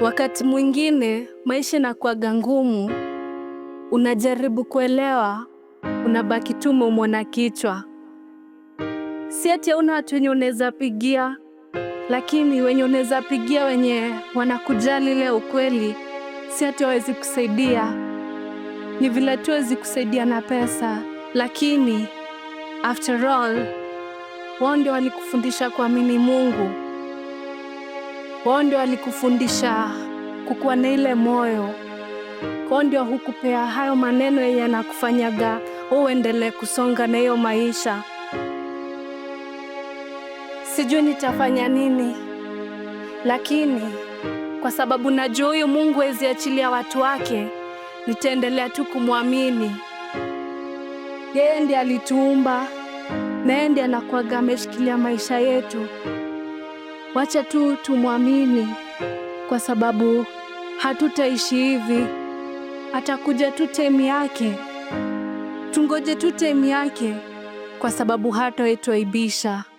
Wakati mwingine maisha inakuwaga ngumu, unajaribu kuelewa, unabaki tu umeumwa na kichwa. Si ati hauna watu wenye unaweza pigia, lakini wenye unaweza pigia wenye wanakujali ile ukweli, si ati hawezi kusaidia. Ni vile tu hawezi kusaidia na pesa, lakini after all wao ndio walikufundisha kuamini Mungu. Wao ndio alikufundisha kukuwa na ile moyo, wao ndio hukupea hayo maneno yenye anakufanyaga uendelee kusonga na hiyo maisha. Sijui nitafanya nini, lakini kwa sababu najua huyu Mungu hawezi achilia watu wake, nitaendelea tu kumwamini yeye. Ndiye alituumba na yeye ndiye anakuwaga ameshikilia maisha yetu. Wacha tu tumwamini, kwa sababu hatutaishi hivi. Atakuja tu temu yake, tungoje tu temu yake, kwa sababu hatoetoibisha.